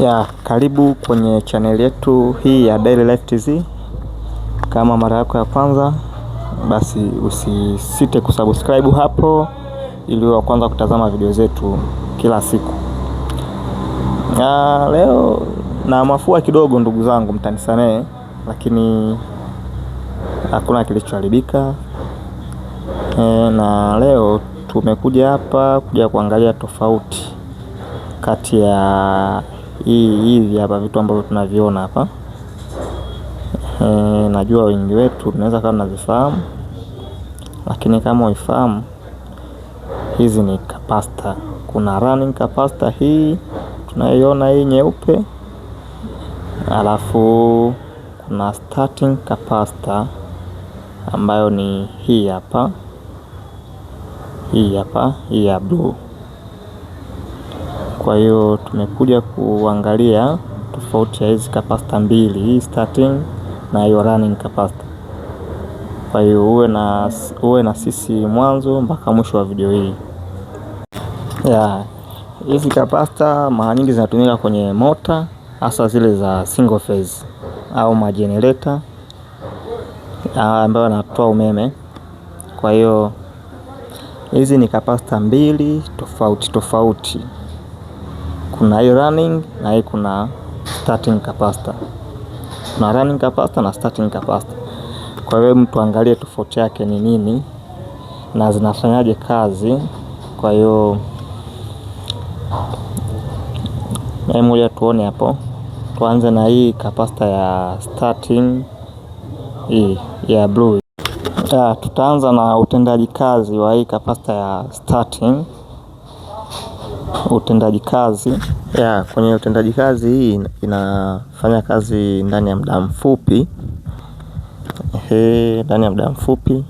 Ya, karibu kwenye chaneli yetu hii ya Daily Life TZ. Kama mara yako ya kwanza, basi usisite kusubscribe hapo ili wa kwanza kutazama video zetu kila siku. Ya, leo na mafua kidogo ndugu zangu, mtanisamee, lakini hakuna kilichoharibika e, na leo tumekuja hapa kuja kuangalia tofauti kati ya hii hivi hapa vitu ambavyo tunaviona hapa e, najua wengi wetu tunaweza kama tunavifahamu, lakini kama uifahamu, hizi ni kapasta. Kuna running kapasta hii tunayoiona hii nyeupe, alafu kuna starting kapasta ambayo ni hii hapa, hii hapa, hii ya blue. Kwa hiyo tumekuja kuangalia tofauti ya hizi kapasta mbili, hii starting na hiyo running kapasita. Kwa hiyo uwe na, uwe na sisi mwanzo mpaka mwisho wa video hii ya hizi kapasta mara nyingi zinatumika kwenye mota hasa zile za single phase au majenereta ambayo anatoa umeme. Kwa hiyo hizi ni kapasta mbili tofauti tofauti kuna hii running na hii kuna starting capacitor. Kuna running capacitor na starting capacitor. Kwa hiyo mtu angalie tofauti yake ni nini na zinafanyaje kazi. Kwa hiyo moja tuone hapo, tuanze na hii capacitor ya starting hii ya blue. Ah, tutaanza na utendaji kazi wa hii capacitor ya starting. Utendaji kazi ya kwenye utendaji kazi hii inafanya kazi ndani ya muda mfupi ndani ya muda mfupi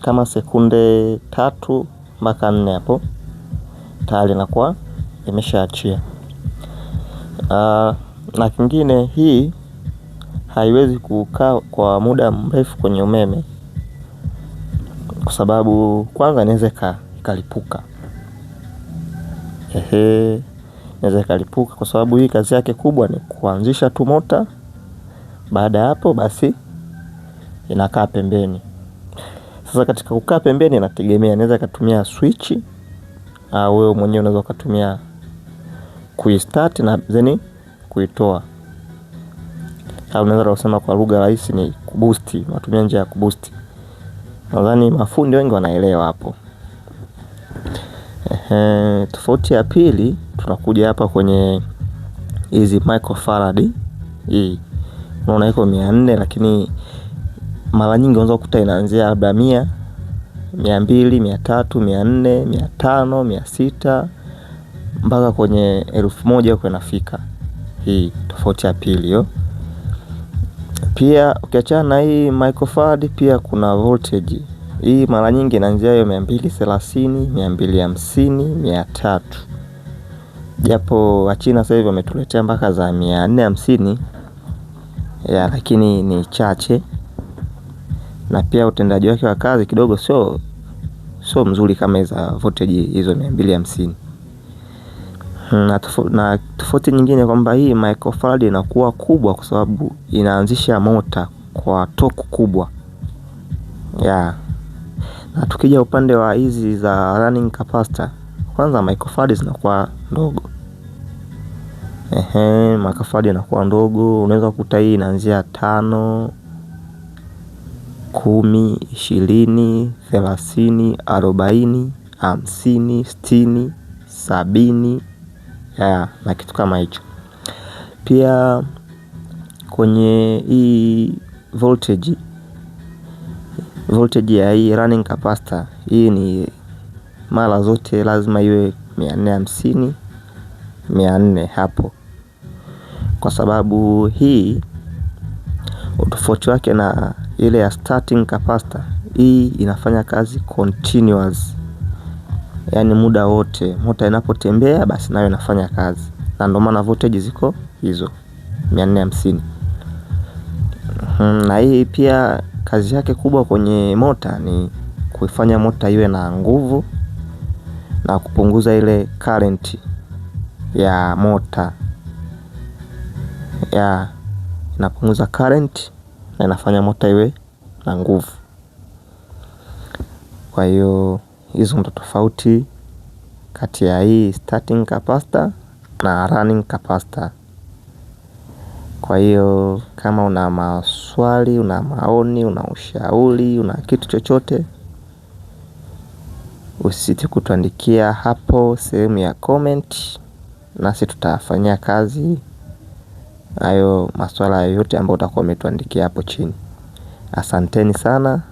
kama sekunde tatu mpaka nne hapo tayari inakuwa imeshaachia. Ah, na kingine hii haiwezi kukaa kwa muda mrefu kwenye umeme kwa sababu kwanza inaweza ikalipuka ehe, naweza ikalipuka kwa sababu hii kazi yake kubwa ni kuanzisha tu mota. Baada ya hapo basi inakaa pembeni. Sasa katika kukaa pembeni inategemea, naweza ikatumia swichi au wewe mwenyewe unaweza ukatumia kuistart na then kuitoa, au unaweza kusema kwa lugha rahisi ni kubusti, natumia njia ya kubusti. Nadhani mafundi wengi wanaelewa hapo. E, tofauti ya pili tunakuja hapa kwenye hizi microfarad hii unaona iko mia nne lakini mara nyingi unaweza kukuta inaanzia labda mia mia mbili mia tatu mia nne mia tano mia sita mpaka kwenye elfu moja huko inafika. Hii tofauti ya pili yo Pia ukiachana na hii microfarad, pia kuna voltage hii mara nyingi inaanzia hiyo mia mbili thelathini, mia mbili hamsini, mia tatu, japo Wachina sasa hivi wametuletea mpaka za mia nne hamsini ya, lakini ni chache na pia utendaji wake wa kazi kidogo sio sio mzuri kama za voltage hizo mia mbili hamsini na, tof na tofauti nyingine kwamba hii microfarad inakuwa kubwa kwa sababu inaanzisha mota kwa toku kubwa ya yeah. Na tukija upande wa hizi za running capacitor, kwanza microfarad zinakuwa ndogo. Ehe, microfarad inakuwa ndogo, unaweza kukuta hii inaanzia tano, kumi, ishirini, thelathini, arobaini, hamsini, sitini, sabini ya na kitu kama hicho. Pia kwenye hii voltage voltage ya hii running capacitor hii ni mara zote lazima iwe mia nne hamsini mia nne hapo, kwa sababu hii utofauti wake na ile ya starting capacitor, hii inafanya kazi continuous, yaani muda wote mota inapotembea basi nayo inafanya kazi, na ndio maana voltage ziko hizo mia nne hamsini na hii pia Kazi yake kubwa kwenye mota ni kuifanya mota iwe na nguvu na kupunguza ile current ya mota ya inapunguza current na inafanya mota iwe na nguvu. Kwa hiyo hizo ndo tofauti kati ya hii starting capacitor na running capacitor. Kwa hiyo kama una maswali, una maoni, una ushauri, una kitu chochote, usisite kutuandikia hapo sehemu ya comment, nasi tutafanyia kazi hayo maswala yoyote ambayo utakuwa umetuandikia hapo chini. Asanteni sana.